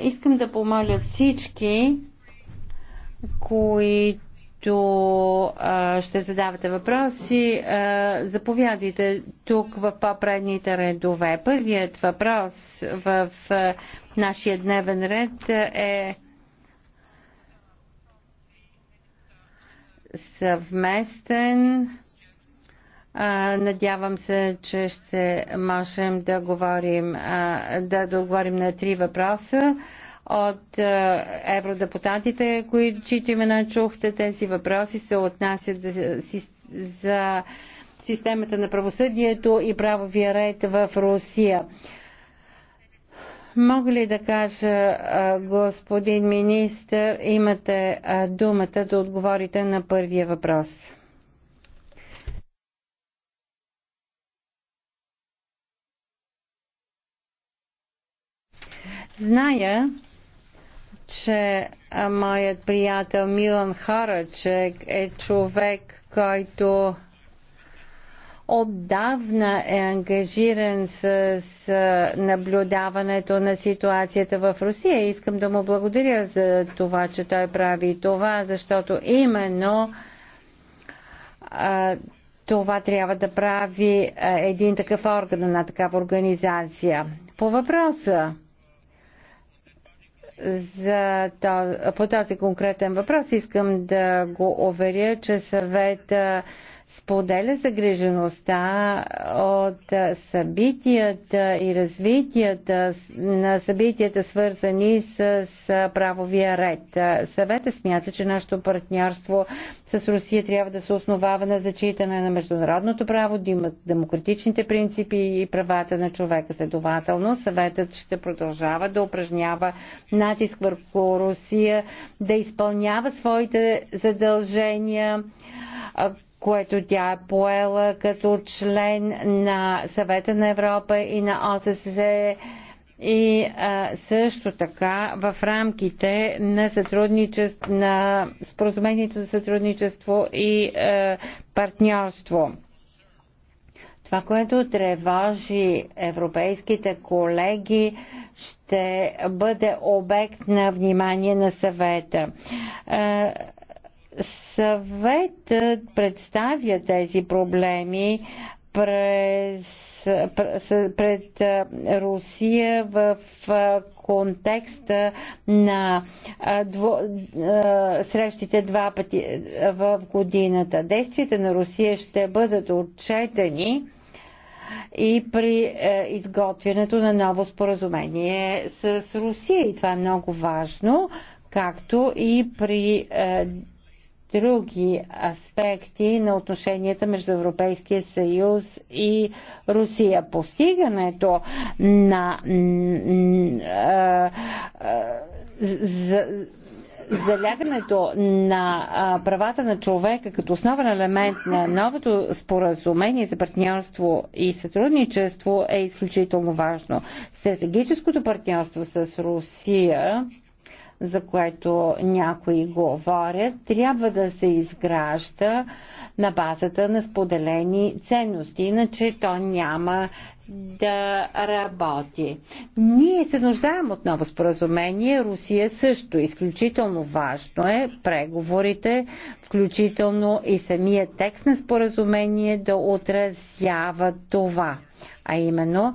Искам да помоля всички, които ще задавате въпроси, заповядайте тук в по-предните редове. Първият въпрос в нашия дневен ред е съвместен Надявам се, че ще можем да говорим, да договорим на три въпроса от евродепутатите, които, чието имена чухте. Тези въпроси се отнасят за системата на правосъдието и правовия ред в Русия. Мога ли да кажа, господин министр, имате думата да отговорите на първия въпрос? Зная, че моят приятел Милан Харачек е човек, който отдавна е ангажиран с, наблюдаването на ситуацията в Русия. Искам да му благодаря за това, че той прави това, защото именно това трябва да прави един такъв орган, на такава организация. По въпроса за по този конкретен въпрос искам да го уверя, че съвета споделя загрижеността от събитията и развитията на събитията, свързани с правовия ред. Съвета смята, че нашето партньорство с Русия трябва да се основава на зачитане на международното право, да имат демократичните принципи и правата на човека. Следователно, съветът ще продължава да упражнява натиск върху Русия, да изпълнява своите задължения, което тя е поела като член на Съвета на Европа и на ОССЕ и а, също така в рамките на, сътрудничество, на споразумението за сътрудничество и а, партньорство. Това, което тревожи европейските колеги, ще бъде обект на внимание на съвета Съветът представя тези проблеми през пред Русия в контекста на дво, срещите два пъти в годината. Действията на Русия ще бъдат отчетени и при изготвянето на ново споразумение с Русия. И това е много важно, както и при други аспекти на отношенията между Европейския съюз и Русия. Постигането на залягането на правата на човека като основен елемент на новото споразумение за партньорство и сътрудничество е изключително важно. Стратегическото партньорство с Русия за което някои говорят, трябва да се изгражда на базата на споделени ценности, иначе то няма да работи. Ние се нуждаем от ново споразумение, Русия също. Изключително важно е преговорите, включително и самия текст на споразумение да отразява това. А именно,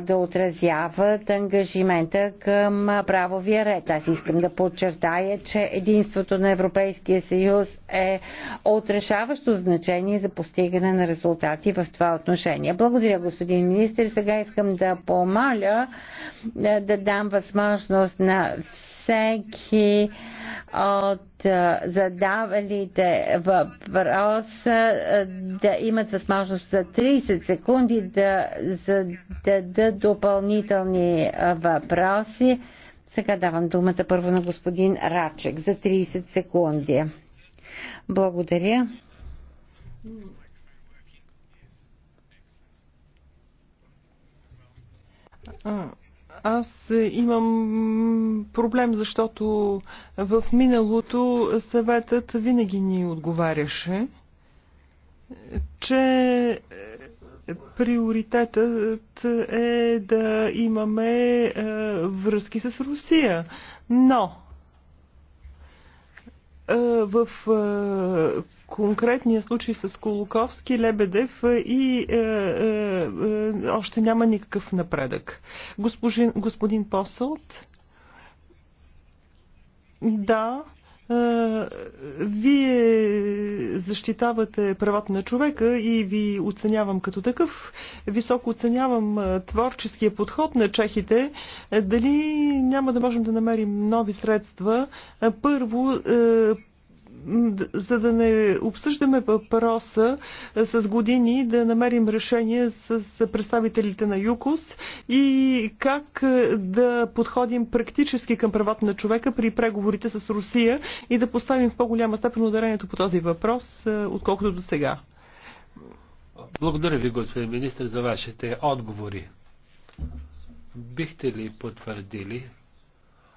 да отразяват ангажимента към правовия ред. Аз искам да подчертая, че единството на Европейския съюз е от решаващо значение за постигане на резултати в това отношение. Благодаря, господин министр. Сега искам да помоля да дам възможност на всички всеки от задавалите въпроса да имат възможност за 30 секунди да зададат допълнителни въпроси. Сега давам думата първо на господин Рачек за 30 секунди. Благодаря. А, аз имам проблем, защото в миналото съветът винаги ни отговаряше, че приоритетът е да имаме е, връзки с Русия. Но в конкретния случай с Колоковски, Лебедев и е, е, още няма никакъв напредък. Госпожин, господин Посълт? Да. Вие защитавате правата на човека и ви оценявам като такъв. Високо оценявам творческия подход на чехите. Дали няма да можем да намерим нови средства? Първо, за да не обсъждаме въпроса с години, да намерим решение с представителите на ЮКОС и как да подходим практически към правата на човека при преговорите с Русия и да поставим в по-голяма степен ударението по този въпрос, отколкото до сега. Благодаря ви, господин министр, за вашите отговори. Бихте ли потвърдили,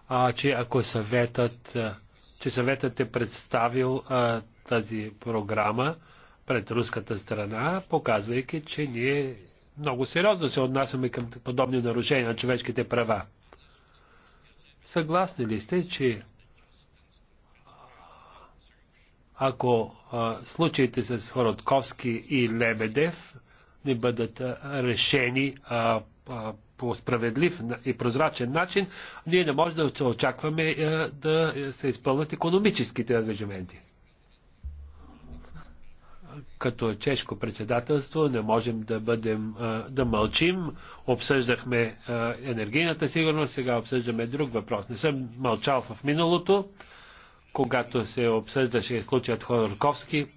а, че ако съветът че съветът е представил а, тази програма пред руската страна, показвайки, че ние много сериозно се отнасяме към подобни нарушения на човешките права. Съгласни ли сте, че ако а, случаите с Хородковски и Лебедев не бъдат а, решени а, а, по справедлив и прозрачен начин, ние не можем да очакваме е, да се изпълнят економическите ангажименти. Като чешко председателство не можем да бъдем е, да мълчим. Обсъждахме е, енергийната сигурност, сега обсъждаме друг въпрос. Не съм мълчал в миналото, когато се обсъждаше случаят Ходорковски,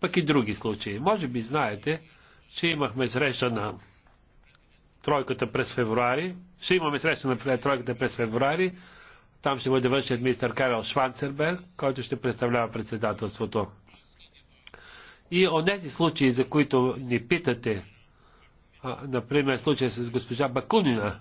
пък и други случаи. Може би знаете, че имахме среща на тройката през февруари. Ще имаме среща на тройката през февруари. Там ще бъде външният министър Карел Шванцерберг, който ще представлява председателството. И от тези случаи, за които ни питате, а, например случай с госпожа Бакунина,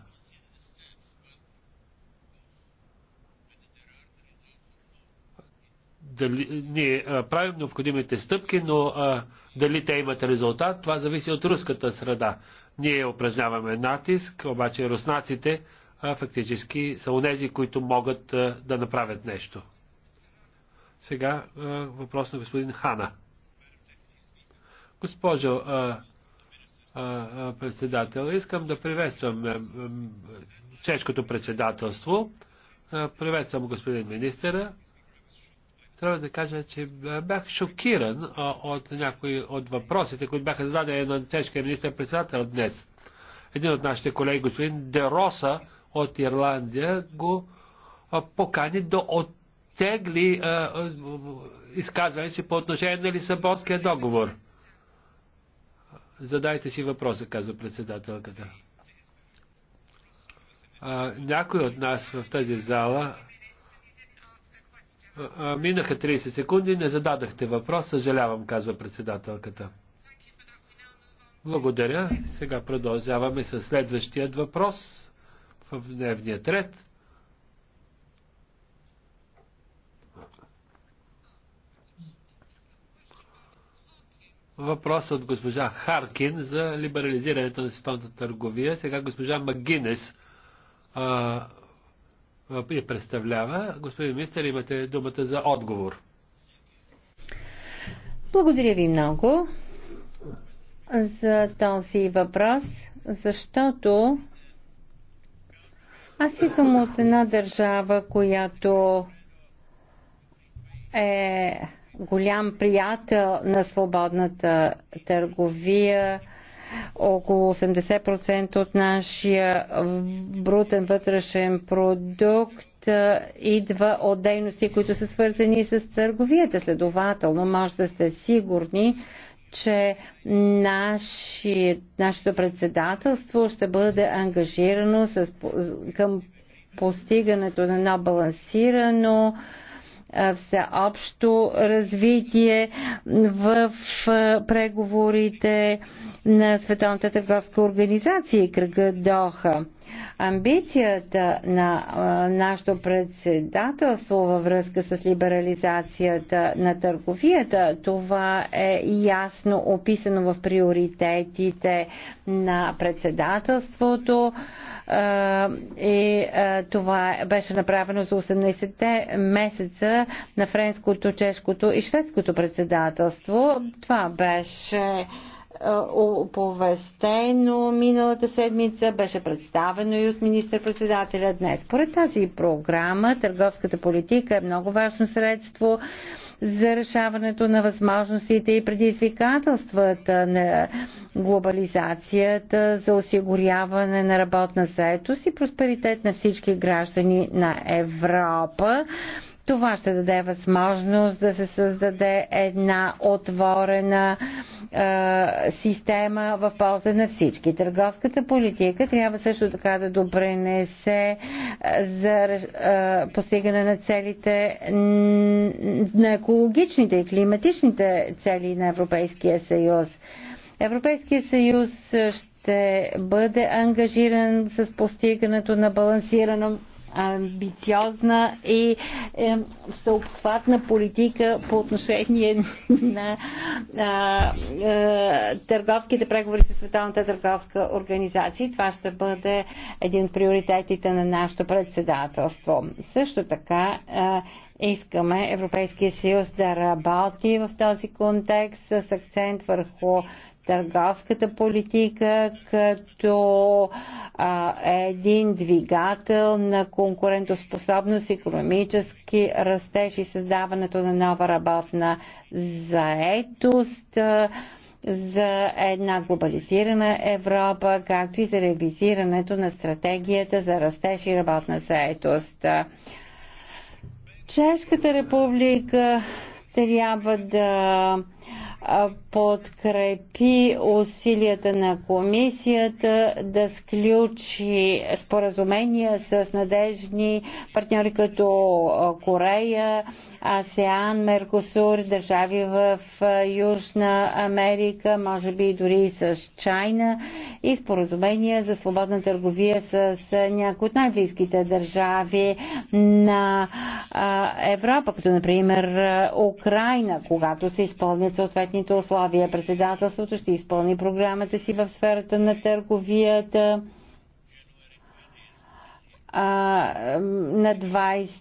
дали ние а, правим необходимите стъпки, но а, дали те имат резултат, това зависи от руската среда. Ние упражняваме натиск, обаче руснаците а, фактически са унези, които могат а, да направят нещо. Сега а, въпрос на господин Хана. Госпожо а, а, председател, искам да приветствам а, а, чешкото председателство. А, приветствам господин министъра трябва да кажа, че е, бях шокиран от някои от въпросите, които бяха зададени на тежкия министър-председател днес. Един от нашите колеги, господин Дероса от Ирландия, го покани да оттегли изказването си по отношение на Лисабонския договор. Задайте си въпроса, казва председателката. Някой от нас в тази зала Минаха 30 секунди, не зададахте въпрос, съжалявам, казва председателката. Благодаря. Сега продължаваме с следващият въпрос в дневния ред. Въпрос от госпожа Харкин за либерализирането на световната търговия. Сега госпожа Магинес я представлява. Господин министър, имате думата за отговор. Благодаря ви много за този въпрос, защото аз идвам от една държава, която е голям приятел на свободната търговия, около 80% от нашия брутен вътрешен продукт идва от дейности, които са свързани с търговията. Следователно, може да сте сигурни, че наши, нашето председателство ще бъде ангажирано с, към постигането на едно балансирано всеобщо развитие в преговорите на Световната търговска организация и кръга Доха. Амбицията на нашето председателство във връзка с либерализацията на търговията, това е ясно описано в приоритетите на председателството и това беше направено за 18-те месеца на френското, чешкото и шведското председателство. Това беше е, оповестено миналата седмица, беше представено и от министър-председателя днес. Поред тази програма, търговската политика е много важно средство за решаването на възможностите и предизвикателствата на глобализацията, за осигуряване на работна заетост и просперитет на всички граждани на Европа. Това ще даде възможност да се създаде една отворена е, система в полза на всички. Търговската политика трябва също така да допренесе за е, постигане на целите на екологичните и климатичните цели на Европейския съюз. Европейския съюз ще бъде ангажиран с постигането на балансирано амбициозна и е, съобхватна политика по отношение на а, е, търговските преговори с Световната търговска организация. Това ще бъде един от приоритетите на нашето председателство. Също така е, искаме Европейския съюз да работи в този контекст с акцент върху търговската политика като а, един двигател на конкурентоспособност, економически растеж и създаването на нова работна заетост за една глобализирана Европа, както и за ревизирането на стратегията за растеж и работна заетост. Чешката република трябва да подкрепи усилията на комисията да сключи споразумения с надежни партньори като Корея, АСЕАН, Меркосур, държави в Южна Америка, може би дори и с Чайна и споразумения за свободна търговия с някои от най-близките държави на Европа, като например Украина, когато се изпълнят съответните условия условия. Председателството ще изпълни програмата си в сферата на търговията а, на 20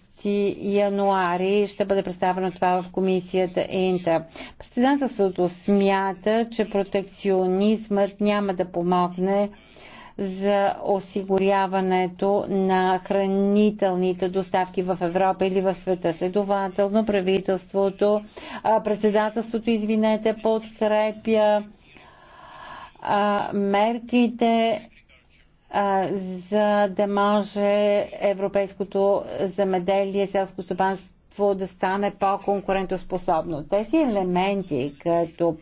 януари ще бъде представено това в комисията ЕНТА. Председателството смята, че протекционизмът няма да помогне за осигуряването на хранителните доставки в Европа или в света. Следователно, правителството, председателството, извинете, подкрепя мерките за да може европейското замеделие, селско стопанство да стане по-конкурентоспособно. Тези елементи, като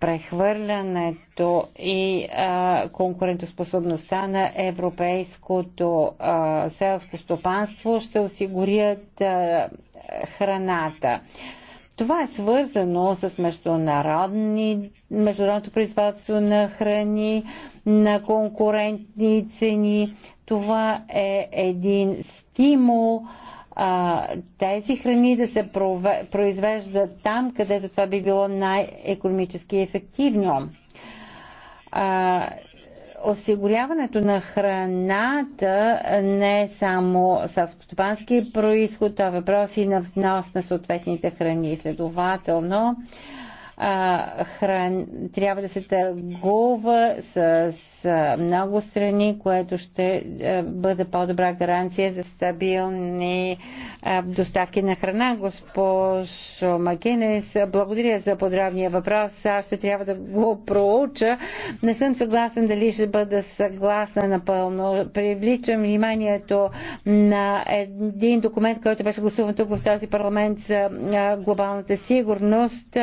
прехвърлянето и а, конкурентоспособността на европейското а, селско стопанство ще осигурят а, храната. Това е свързано с международни, международното производство на храни, на конкурентни цени. Това е един стимул а, а, тези храни да се произвеждат там, където това би било най-економически ефективно. А, осигуряването на храната не е само селскостопански происход, а е въпроси на внос на съответните храни. Следователно, а, хран... трябва да се търгува с много страни, което ще бъде по-добра гаранция за стабилни доставки на храна. Госпожо Макенес, благодаря за подробния въпрос. Аз ще трябва да го проуча. Не съм съгласен дали ще бъда съгласна напълно. Привличам вниманието на един документ, който беше гласуван тук в този парламент за глобалната сигурност,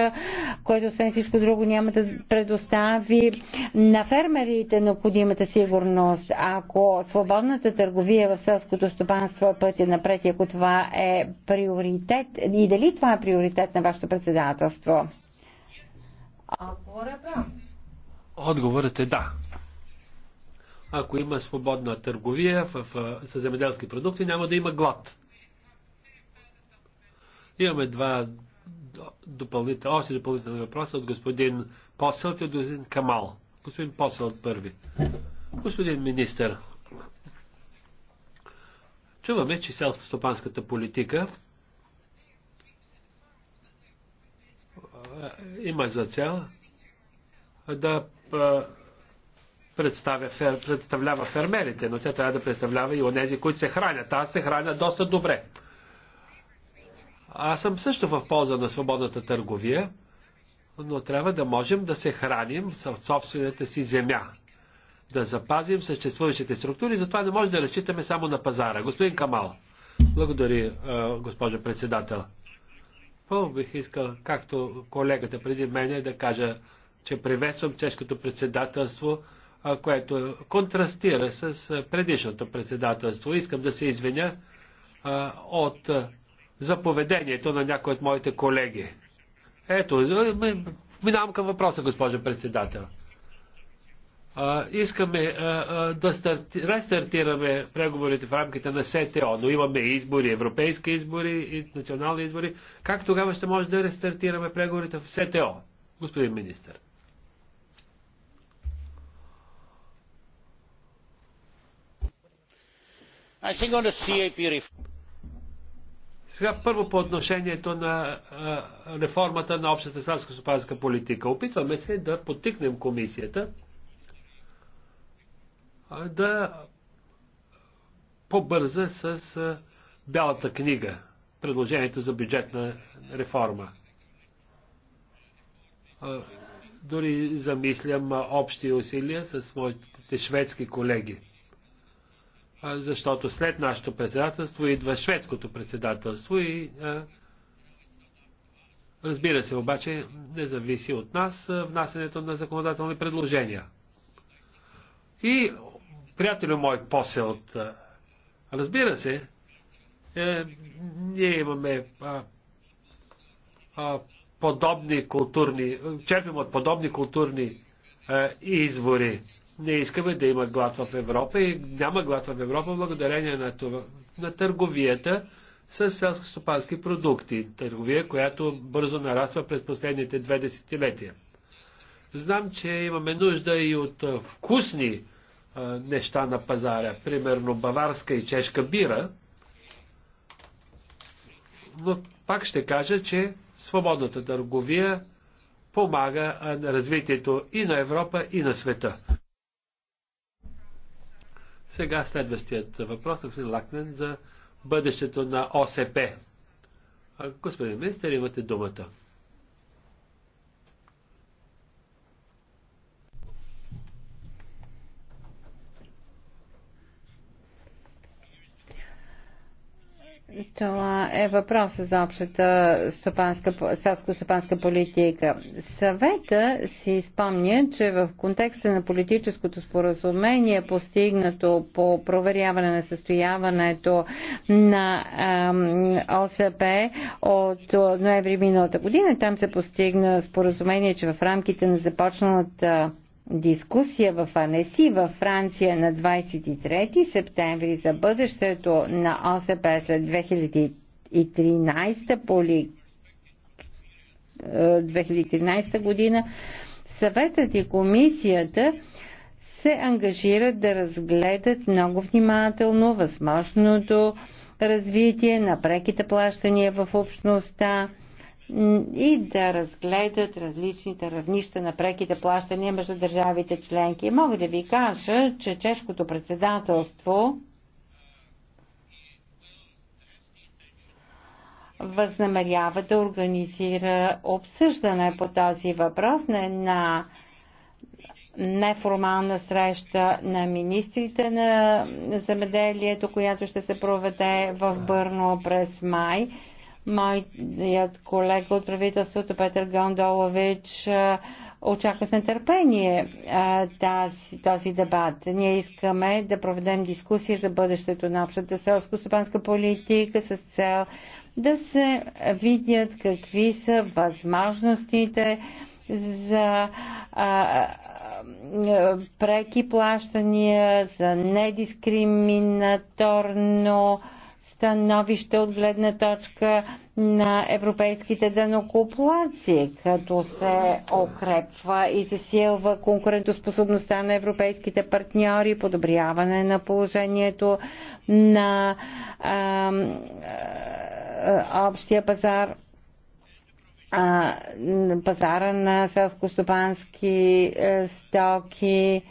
който освен всичко друго няма да предостави на фермерите необходимата сигурност, ако свободната търговия в селското стопанство е пътя напред ако това е приоритет, и дали това е приоритет на вашето председателство? Отговорът е да. Отговорът е да. Ако има свободна търговия в, в, с земеделски продукти, няма да има глад. Имаме два допълнителни, още допълнителни въпроса от господин Посълт и от господин Камал. Господин Посъл първи. Господин министър, чуваме, че селско-стопанската политика има за цел да представя, представлява фермерите, но те трябва да представлява и онези, които се хранят. Аз се храня доста добре. Аз съм също в полза на свободната търговия, но трябва да можем да се храним с собствената си земя. Да запазим съществуващите структури, затова не може да разчитаме само на пазара. Господин Камал, благодаря, е, госпожо председател. Първо бих искал, както колегата преди мен, да кажа, че приветствам чешкото председателство, е, което контрастира с е, предишното председателство. Искам да се извиня от заповедението на някои от моите колеги. Ето, е, минавам към въпроса, госпожа председател. А, искаме а, а, да старти, рестартираме преговорите в рамките на СТО, но имаме избори, европейски избори и национални избори. Как тогава ще може да рестартираме преговорите в СТО, господин министр? I think on the CAP reform. Сега първо по отношението на а, реформата на общата селско-стопанска политика. Опитваме се да потикнем комисията а, да бърза с а, бялата книга, предложението за бюджетна реформа. А, дори замислям общи усилия с моите шведски колеги защото след нашето председателство идва шведското председателство и разбира се, обаче не зависи от нас внасянето на законодателни предложения. И, приятелю мой, от разбира се, е, ние имаме а, а, подобни културни, черпим от подобни културни а, извори не искаме да има глад в Европа и няма глад в Европа благодарение на, това, на търговията с селско-стопански продукти. Търговия, която бързо нараства през последните две десетилетия. Знам, че имаме нужда и от вкусни а, неща на пазара, примерно баварска и чешка бира, но пак ще кажа, че свободната търговия помага на развитието и на Европа, и на света. Сега следващият въпрос е господин Лакнен за бъдещето на ОСП. Господин министър, имате думата. Това е въпрос за общата селско-стопанска политика. Съвета си спомня, че в контекста на политическото споразумение, постигнато по проверяване на състояването на ОСП от ноември миналата година, там се постигна споразумение, че в рамките на започналата дискусия в Анеси във Франция на 23 септември за бъдещето на ОСП след 2013 поли 2013 година съветът и комисията се ангажират да разгледат много внимателно възможното развитие на преките плащания в общността, и да разгледат различните равнища на преките плащания между държавите членки. Мога да ви кажа, че чешкото председателство възнамерява да организира обсъждане по този въпрос на една неформална среща на министрите на земеделието, която ще се проведе в Бърно през май. Моят колега от правителството Петър Гондолович очаква с нетърпение тази, този дебат. Ние искаме да проведем дискусия за бъдещето на общата селско-стопанска политика с цел да се видят какви са възможностите за а, преки плащания, за недискриминаторно становище от гледна точка на европейските данокоплаци, като се укрепва и засилва конкурентоспособността на европейските партньори, подобряване на положението на а, а, общия пазар а, пазара на селско-стопански е, стоки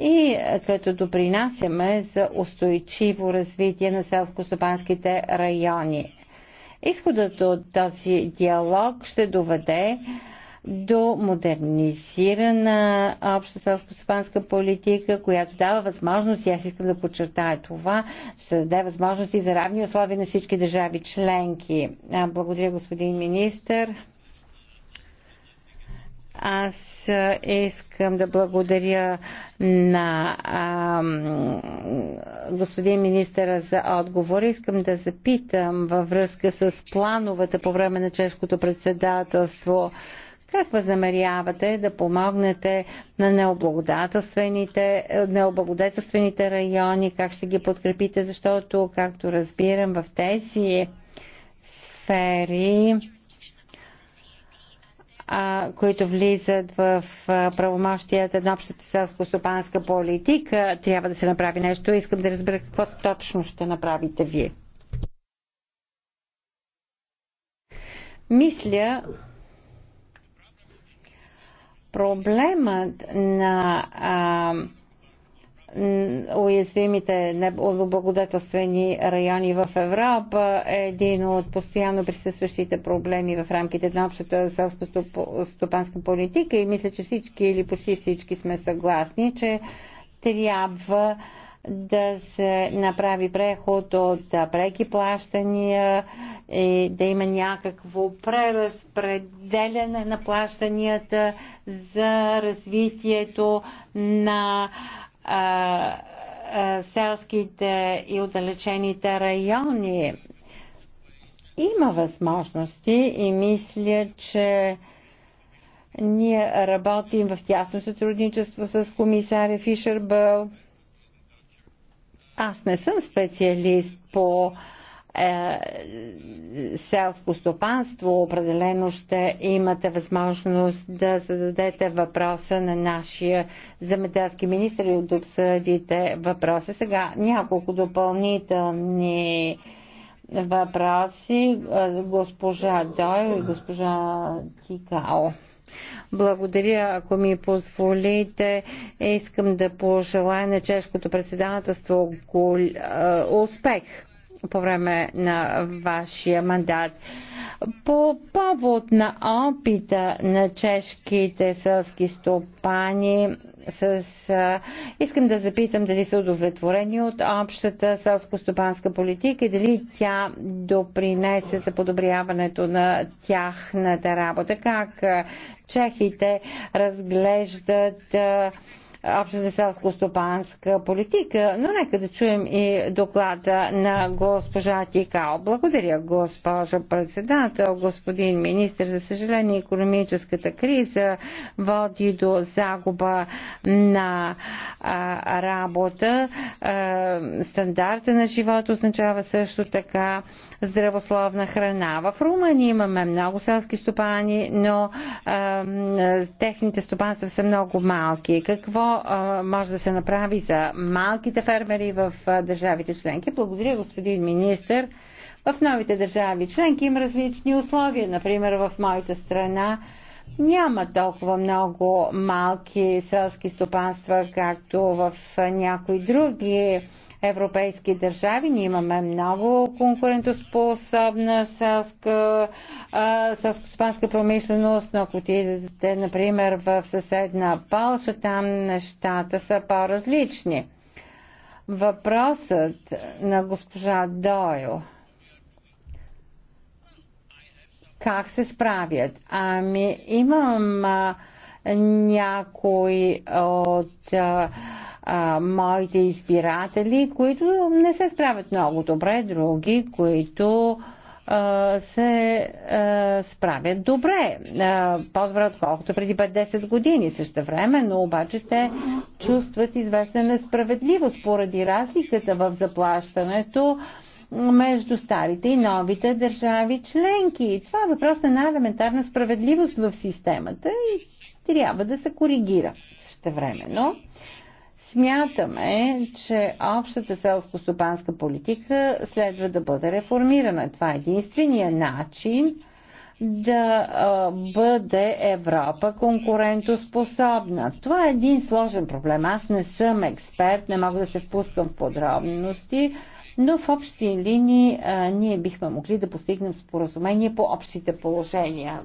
и е, като допринасяме за устойчиво развитие на селско-стопанските райони. Изходът от този диалог ще доведе до модернизирана обща селско-стопанска политика, която дава възможност, и аз искам да подчертая това, ще даде възможности за равни условия на всички държави членки. Благодаря, господин министр. Аз искам да благодаря на а, господин министъра за отговор. Искам да запитам във връзка с плановете по време на чешкото председателство. Как възнамерявате да помогнете на необлагодателствените, необлагодателствените райони? Как ще ги подкрепите? Защото, както разбирам, в тези сфери а, които влизат в правомощията на общата селско-стопанска политика, трябва да се направи нещо. Искам да разбера какво точно ще направите вие. Мисля, проблемът на а, уязвимите неблагодетелствени райони в Европа е един от постоянно присъстващите проблеми в рамките на общата селско-стопанска политика и мисля, че всички или почти всички сме съгласни, че трябва да се направи преход от преки плащания и да има някакво преразпределяне на плащанията за развитието на а, а, селските и отдалечените райони. Има възможности и мисля, че ние работим в тясно сътрудничество с комисаря Фишербъл. Аз не съм специалист по а, е, селско стопанство, определено ще имате възможност да зададете въпроса на нашия земеделски министр и да обсъдите въпроса. Сега няколко допълнителни въпроси. Госпожа Дой и госпожа Тикао. Благодаря, ако ми позволите. Искам да пожелая на чешкото председателство е, успех по време на вашия мандат. По повод на опита на чешките селски стопани, с, искам да запитам дали са удовлетворени от общата селско-стопанска политика и дали тя допринесе за подобряването на тяхната работа. Как чехите разглеждат а, общата селско-стопанска политика. Но нека да чуем и доклада на госпожа Тикао. Благодаря, госпожа председател, господин министр. За съжаление, економическата криза води до загуба на а, работа. А, стандарта на живота означава също така здравословна храна. В Румъния имаме много селски стопани, но а, техните стопанства са много малки. Какво а, може да се направи за малките фермери в а, държавите членки? Благодаря, господин министр. В новите държави членки има различни условия. Например, в моята страна няма толкова много малки селски стопанства, както в някои други европейски държави. Ние имаме много конкурентоспособна селска, селскостопанска промишленост, но ако отидете, например, в съседна Полша, там нещата са по-различни. Въпросът на госпожа Дойл как се справят? Ами, имам а, някой от а, а, моите избиратели, които не се справят много добре, други, които а, се а, справят добре, по-добре отколкото преди 50 години. Също време, но обаче те чувстват известна несправедливост поради разликата в заплащането между старите и новите държави членки. И това е въпрос на най елементарна справедливост в системата и трябва да се коригира същевременно. времено Смятаме, че общата селско-стопанска политика следва да бъде реформирана. Това е единствения начин да бъде Европа конкурентоспособна. Това е един сложен проблем. Аз не съм експерт, не мога да се впускам в подробности, но в общи линии а, ние бихме могли да постигнем споразумение по общите положения.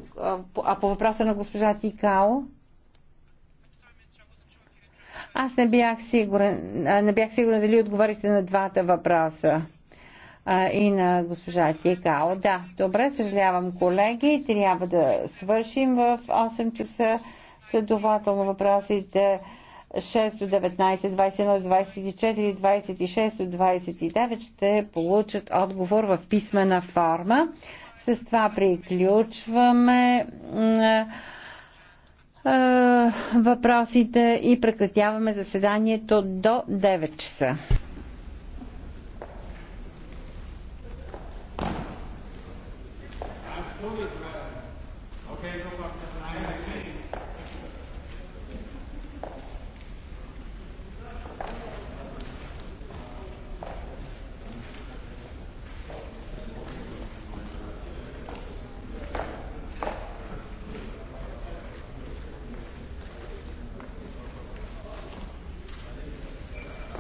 А по въпроса на госпожа Тикао. Аз не бях сигурен, не бях сигурен дали отговорихте на двата въпроса и на госпожа Тикао. Да, добре, съжалявам колеги, трябва да свършим в 8 часа. Следователно въпросите 6 до 19, 21 24, 26 от 29 ще получат отговор в писмена форма. С това приключваме. Е, въпросите и прекратяваме заседанието до 9 часа.